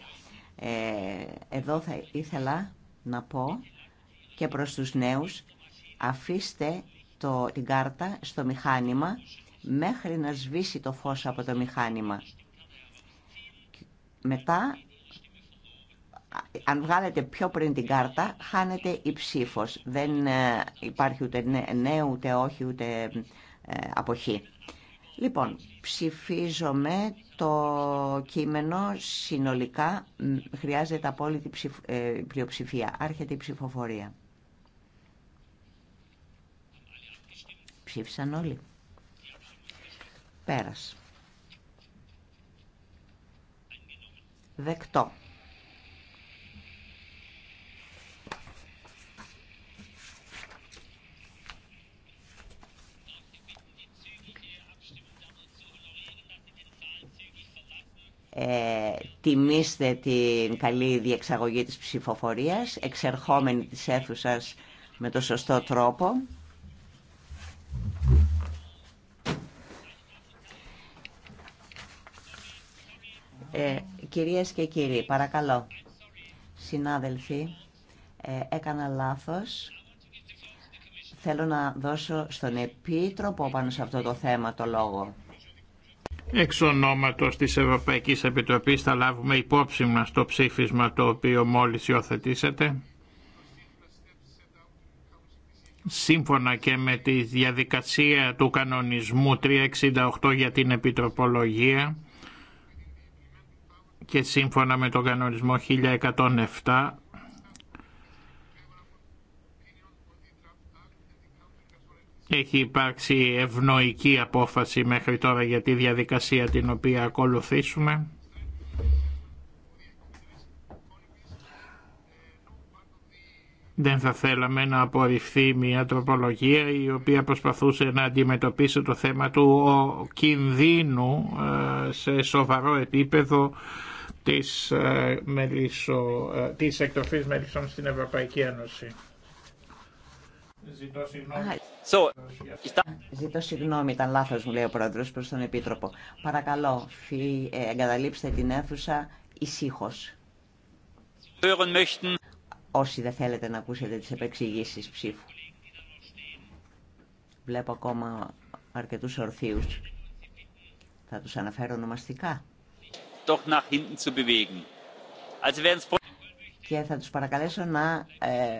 εδώ θα ήθελα να πω και προς τους νέους αφήστε το, την κάρτα στο μηχάνημα μέχρι να σβήσει το φως από το μηχάνημα. Μετά αν βγάλετε πιο πριν την κάρτα, χάνεται η ψήφος. Δεν ε, υπάρχει ούτε ναι, ούτε όχι, ούτε ε, αποχή. Λοιπόν, ψηφίζομαι το κείμενο συνολικά. Χρειάζεται απόλυτη ε, πλειοψηφία. Άρχεται η ψηφοφορία. Ψήφισαν όλοι. Πέρας. Δεκτό. Ε, τιμήστε την καλή διεξαγωγή της ψηφοφορίας, εξερχόμενη της αίθουσας με το σωστό τρόπο. Ε, κυρίες και κύριοι, παρακαλώ, συνάδελφοι, ε, έκανα λάθος. Θέλω να δώσω στον Επίτροπο πάνω σε αυτό το θέμα το λόγο. Εξ ονόματος της Ευρωπαϊκής Επιτροπής θα λάβουμε υπόψη μας το ψήφισμα το οποίο μόλις υιοθετήσατε. Σύμφωνα και με τη διαδικασία του κανονισμού 368 για την επιτροπολογία και σύμφωνα με τον κανονισμό 1107 Έχει υπάρξει ευνοϊκή απόφαση μέχρι τώρα για τη διαδικασία την οποία ακολουθήσουμε. Δεν θα θέλαμε να απορριφθεί μια τροπολογία η οποία προσπαθούσε να αντιμετωπίσει το θέμα του κινδύνου ε, σε σοβαρό επίπεδο της, ε, μελισσο, ε, της εκτροφής μελισσών στην Ευρωπαϊκή Ένωση. Ζητώ συγγνώμη. Ζητώ συγγνώμη, ήταν λάθος μου λέει ο πρόεδρος προς τον Επίτροπο. Παρακαλώ, φύ, ε, εγκαταλείψτε την αίθουσα ησύχως. Όσοι δεν θέλετε να ακούσετε τις επεξηγήσεις ψήφου. Βλέπω ακόμα αρκετούς ορθίους. Θα τους αναφέρω ονομαστικά. και θα τους παρακαλέσω να ε,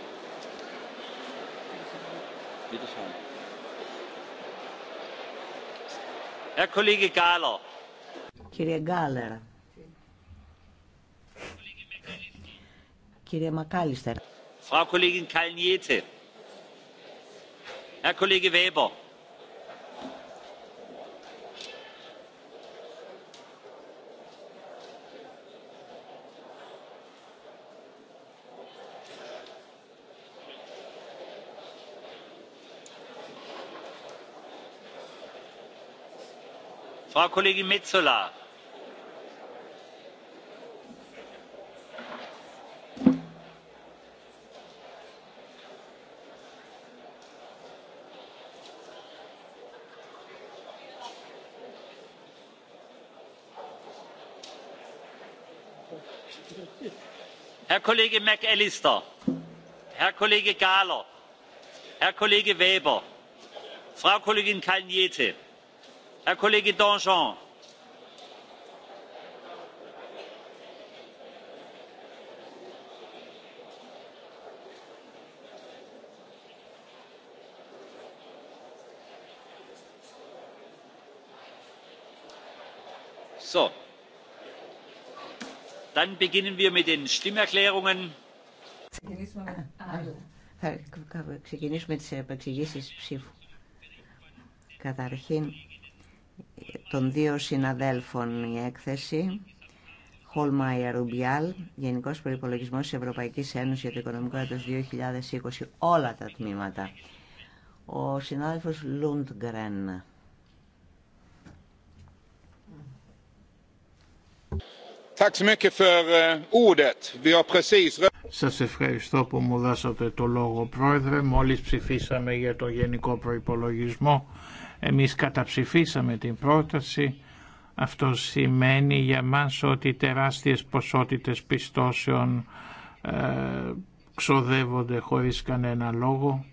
Κύριε Γκάλερ. Κύριε Μακάλιστερ. Frau Kollegin Kalniete. Herr Kollege Weber. Kollegin Metzola. Herr Kollege McAllister, Herr Kollege Gahler, Herr Kollege Weber, Frau Kollegin Kalniete herr kollege danjean! so dann beginnen wir mit den stimmerklärungen. Θα ξεκινήσουμε τις επεξηγήσεις ψήφου. Καταρχήν, των δύο συναδέλφων η έκθεση. Χολμάια Ρουμπιάλ, Γενικός Προϋπολογισμός της Ευρωπαϊκής Ένωσης για το Οικονομικό έτος 2020, όλα τα τμήματα. Ο συνάδελφος Λούντγκρεν. Eh, Σας ευχαριστώ που μου δώσατε το λόγο, Πρόεδρε. Μόλις ψηφίσαμε για το Γενικό Προϋπολογισμό εμείς καταψηφίσαμε την πρόταση. Αυτό σημαίνει για μας ότι τεράστιες ποσότητες πιστώσεων ε, ξοδεύονται χωρίς κανένα λόγο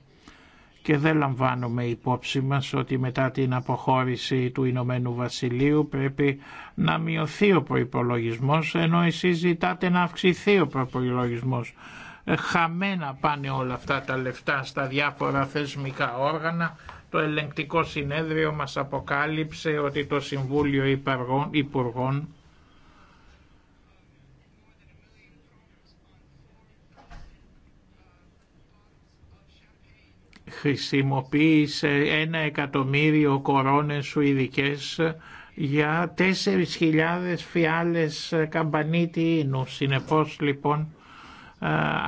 και δεν λαμβάνουμε υπόψη μας ότι μετά την αποχώρηση του Ηνωμένου Βασιλείου πρέπει να μειωθεί ο προϋπολογισμός ενώ εσείς ζητάτε να αυξηθεί ο προϋπολογισμός. Ε, χαμένα πάνε όλα αυτά τα λεφτά στα διάφορα θεσμικά όργανα το ελεγκτικό συνέδριο μας αποκάλυψε ότι το Συμβούλιο Υπουργών χρησιμοποίησε ένα εκατομμύριο κορώνες σουηδικές για 4.000 φιάλες καμπανίτι ίνου. Συνεπώς λοιπόν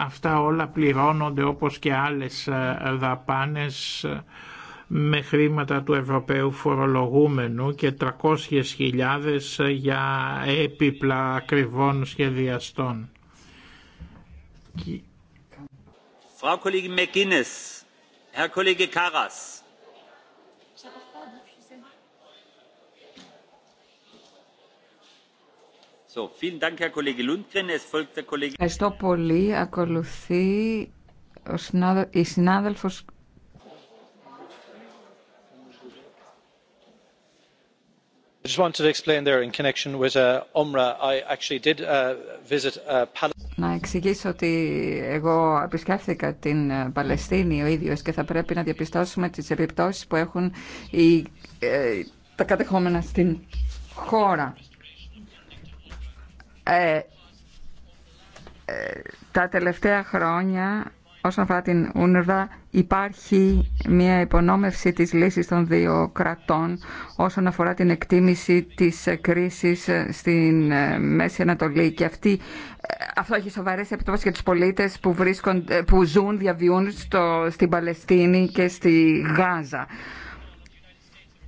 αυτά όλα πληρώνονται όπως και άλλες ε, δαπάνες με χρήματα του Ευρωπαίου φορολογούμενου και 300.000 για έπιπλα ακριβών σχεδιαστών. Frau Kollegin McGuinness, Herr Kollege Karas. So, vielen Dank, Herr Kollege Ευχαριστώ πολύ. Ακολουθεί η συνάδελφος να εξηγήσω ότι εγώ επισκέφθηκα την ε, Παλαιστίνη ο ίδιος και θα πρέπει να διαπιστώσουμε τις επιπτώσεις που έχουν οι, ε, τα κατεχόμενα στην χώρα. Ε, τα τελευταία χρόνια όσον αφορά την UNRWA υπάρχει μια υπονόμευση της λύσης των δύο κρατών όσον αφορά την εκτίμηση της κρίσης στην ε, Μέση Ανατολή και αυτή, ε, αυτό έχει σοβαρές επιπτώσεις για τους πολίτες που, βρίσκονται, ε, που ζουν, διαβιούν στο, στην Παλαιστίνη και στη Γάζα.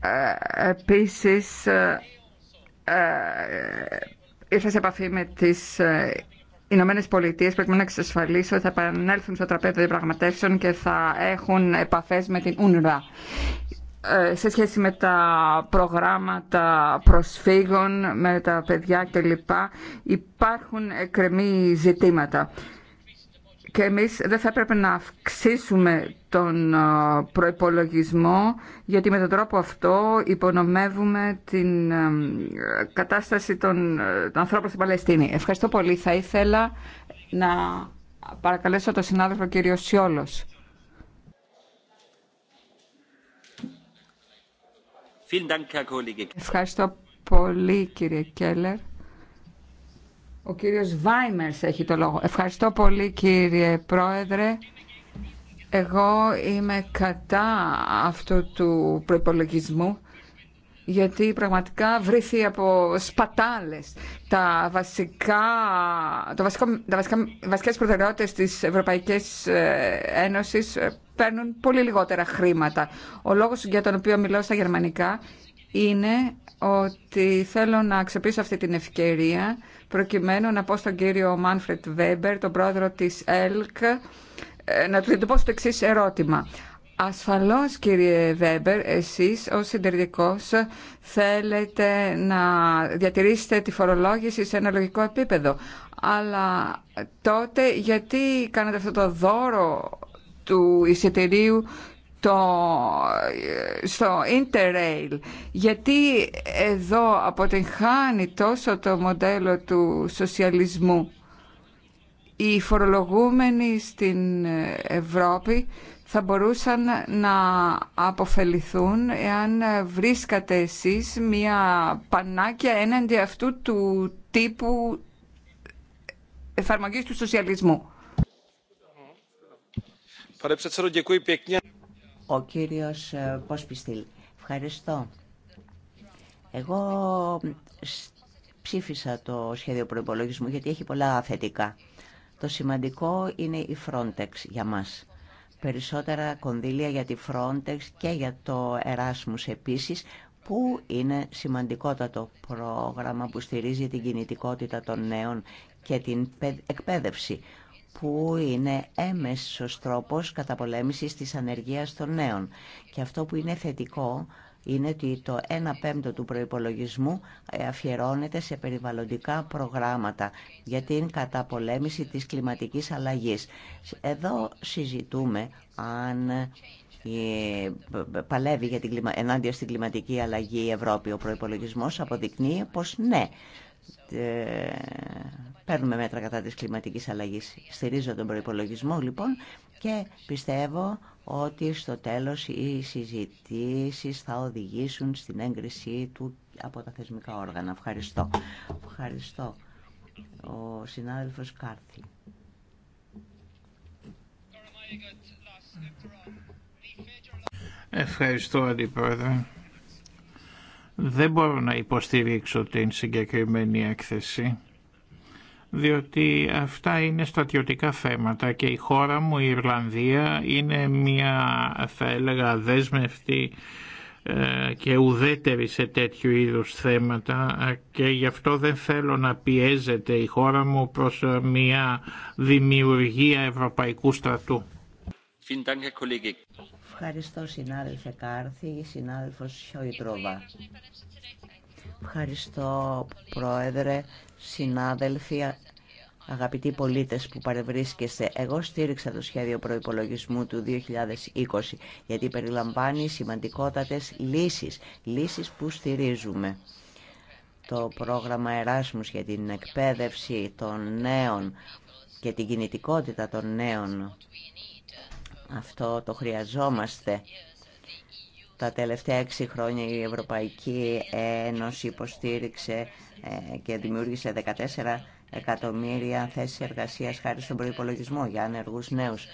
Ε, επίσης, ήρθα σε επαφή με τις οι Ηνωμένε Πολιτείε πρέπει να εξασφαλίσουν ότι θα επανέλθουν στο τραπέζι των διαπραγματεύσεων και θα έχουν επαφέ με την UNRWA. Ε, σε σχέση με τα προγράμματα προσφύγων, με τα παιδιά κλπ. υπάρχουν εκκρεμή ζητήματα και εμείς δεν θα έπρεπε να αυξήσουμε τον ε, προϋπολογισμό γιατί με τον τρόπο αυτό υπονομεύουμε την ε, κατάσταση ε, των, ανθρώπων στην Παλαιστίνη. Ευχαριστώ πολύ. Θα ήθελα να παρακαλέσω τον συνάδελφο κύριο Σιόλος. Ευχαριστώ πολύ κύριε Κέλλερ. Ο κύριος Βάιμερς έχει το λόγο. Ευχαριστώ πολύ κύριε Πρόεδρε. Εγώ είμαι κατά αυτού του προϋπολογισμού γιατί πραγματικά βρήθη από σπατάλες τα βασικά, το βασικό, τα βασικά, της Ευρωπαϊκής ε, Ένωσης ε, παίρνουν πολύ λιγότερα χρήματα. Ο λόγος για τον οποίο μιλώ στα γερμανικά είναι ότι θέλω να αξιοποιήσω αυτή την ευκαιρία προκειμένου να πω στον κύριο Μάνφρετ Βέμπερ, τον πρόεδρο της ΕΛΚ, ε, να του πω το εξή ερώτημα. Ασφαλώς κύριε Βέμπερ, εσείς ως συντηρητικός θέλετε να διατηρήσετε τη φορολόγηση σε ένα λογικό επίπεδο. Αλλά τότε γιατί κάνετε αυτό το δώρο του εισιτηρίου το, στο Interrail γιατί εδώ αποτυγχάνει τόσο το μοντέλο του σοσιαλισμού οι φορολογούμενοι στην Ευρώπη θα μπορούσαν να αποφεληθούν εάν βρίσκατε εσείς μια πανάκια έναντι αυτού του τύπου εφαρμογής του σοσιαλισμού. Ο κύριος ε, Πόσπιστήλ. Ευχαριστώ. Εγώ ψήφισα το σχέδιο προϋπολογισμού γιατί έχει πολλά θετικά. Το σημαντικό είναι η Frontex για μας. Περισσότερα κονδύλια για τη Frontex και για το Erasmus επίσης, που είναι σημαντικότατο πρόγραμμα που στηρίζει την κινητικότητα των νέων και την εκπαίδευση που είναι έμεσος τρόπος καταπολέμησης της ανεργίας των νέων. Και αυτό που είναι θετικό είναι ότι το 1 πέμπτο του προϋπολογισμού ε, αφιερώνεται σε περιβαλλοντικά προγράμματα για την καταπολέμηση της κλιματικής αλλαγής. Εδώ συζητούμε αν ε, παλεύει για την, ενάντια στην κλιματική αλλαγή η Ευρώπη. Ο προϋπολογισμός αποδεικνύει πως ναι, ε, παίρνουμε μέτρα κατά της κλιματικής αλλαγής. Στηρίζω τον προϋπολογισμό λοιπόν και πιστεύω ότι στο τέλος οι συζητήσεις θα οδηγήσουν στην έγκριση του από τα θεσμικά όργανα. Ευχαριστώ. Ευχαριστώ. Ο συνάδελφος Κάρθη. Ευχαριστώ, Αντιπρόεδρε. Δεν μπορώ να υποστηρίξω την συγκεκριμένη έκθεση, διότι αυτά είναι στρατιωτικά θέματα και η χώρα μου, η Ιρλανδία, είναι μια θα έλεγα δέσμευτη ε, και ουδέτερη σε τέτοιου είδους θέματα και γι' αυτό δεν θέλω να πιέζεται η χώρα μου προς ε, μια δημιουργία ευρωπαϊκού στρατού. Ευχαριστώ συνάδελφε Κάρθη, συνάδελφος Χιόιτροβα. Ευχαριστώ πρόεδρε, συνάδελφοι, αγαπητοί πολίτες που παρευρίσκεστε. Εγώ στήριξα το σχέδιο προϋπολογισμού του 2020 γιατί περιλαμβάνει σημαντικότατες λύσεις, λύσεις που στηρίζουμε. Το πρόγραμμα Εράσμους για την εκπαίδευση των νέων και την κινητικότητα των νέων αυτό το χρειαζόμαστε. Τα τελευταία έξι χρόνια η Ευρωπαϊκή Ένωση υποστήριξε ε, και δημιούργησε 14 εκατομμύρια θέσεις εργασίας χάρη στον προϋπολογισμό για ανεργούς νέους.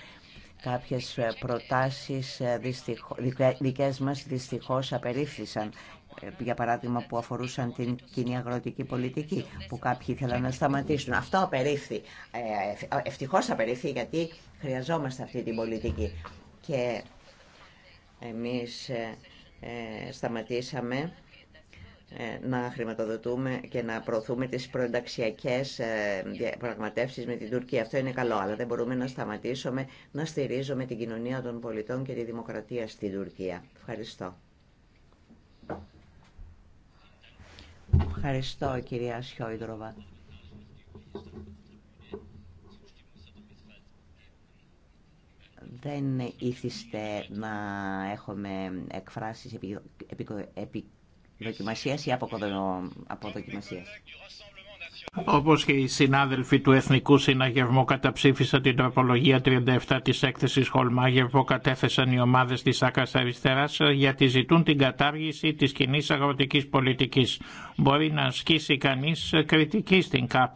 Κάποιες ε, προτάσεις ε, δικές μας δυστυχώς απερίφθησαν ε, για παράδειγμα που αφορούσαν την κοινή αγροτική πολιτική που κάποιοι ήθελαν να σταματήσουν. Αυτό απερίφθη. Ευτυχώς απερίφθη γιατί χρειαζόμαστε αυτή την πολιτική. Και εμείς σταματήσαμε ε, να χρηματοδοτούμε και να προωθούμε τις προενταξιακές ε, πραγματεύσεις με την Τουρκία. Αυτό είναι καλό, αλλά δεν μπορούμε να σταματήσουμε να στηρίζουμε την κοινωνία των πολιτών και τη δημοκρατία στην Τουρκία. Ευχαριστώ. Ευχαριστώ κυρία Σιόιντροβα. Δεν ήθιστε να έχουμε εκφράσεις επί, επικο, δοκιμασίας ή αποδοκιμασίας. Όπω και οι συνάδελφοι του Εθνικού Συναγερμού καταψήφισαν την τροπολογία 37 τη έκθεσης Χολμάγερ που κατέθεσαν οι ομάδες της Άκρα Αριστεράς ε, γιατί ζητούν την κατάργηση τη κοινή αγροτική πολιτική. Μπορεί να ασκήσει κανεί ε, κριτική στην ΚΑΠ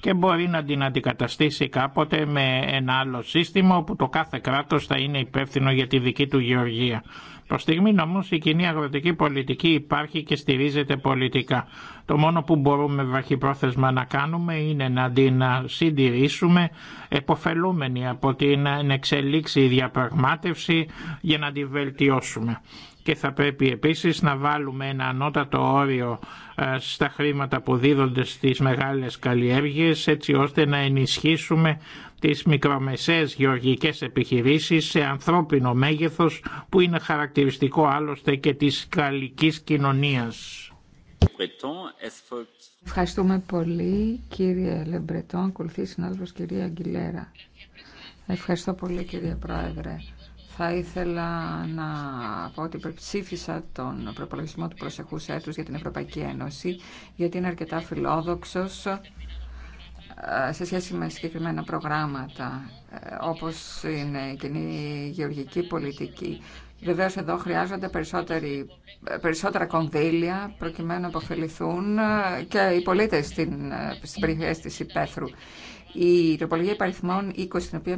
και μπορεί να την αντικαταστήσει κάποτε με ένα άλλο σύστημα όπου το κάθε κράτο θα είναι υπεύθυνο για τη δική του γεωργία. Προ στιγμή όμω η κοινή αγροτική πολιτική υπάρχει και στηρίζεται πολιτικά. Το μόνο που μπορούμε βαχυπρόθεσμα να κάνουμε είναι να την συντηρήσουμε εποφελούμενοι από την εξελίξη διαπραγμάτευση για να την βελτιώσουμε και θα πρέπει επίσης να βάλουμε ένα ανώτατο όριο στα χρήματα που δίδονται στις μεγάλες καλλιέργειες έτσι ώστε να ενισχύσουμε τις μικρομεσαίες γεωργικές επιχειρήσεις σε ανθρώπινο μέγεθος που είναι χαρακτηριστικό άλλωστε και της γαλλικής κοινωνίας. Ευχαριστούμε πολύ κύριε Λεμπρετόν. Ακολουθεί συνάδελφος κυρία Αγγιλέρα. Ευχαριστώ πολύ κύριε Πρόεδρε. Θα ήθελα να πω ότι υπερψήφισα τον προπολογισμό του προσεχούς έτους για την Ευρωπαϊκή Ένωση γιατί είναι αρκετά φιλόδοξος σε σχέση με συγκεκριμένα προγράμματα ε, όπως είναι η κοινή γεωργική πολιτική. Βεβαίω εδώ χρειάζονται ε, περισσότερα κονδύλια προκειμένου να αποφεληθούν ε, και οι πολίτες στην, στην περιφέρεια της Υπέθρου. Η τροπολογία υπαριθμών 20, την οποία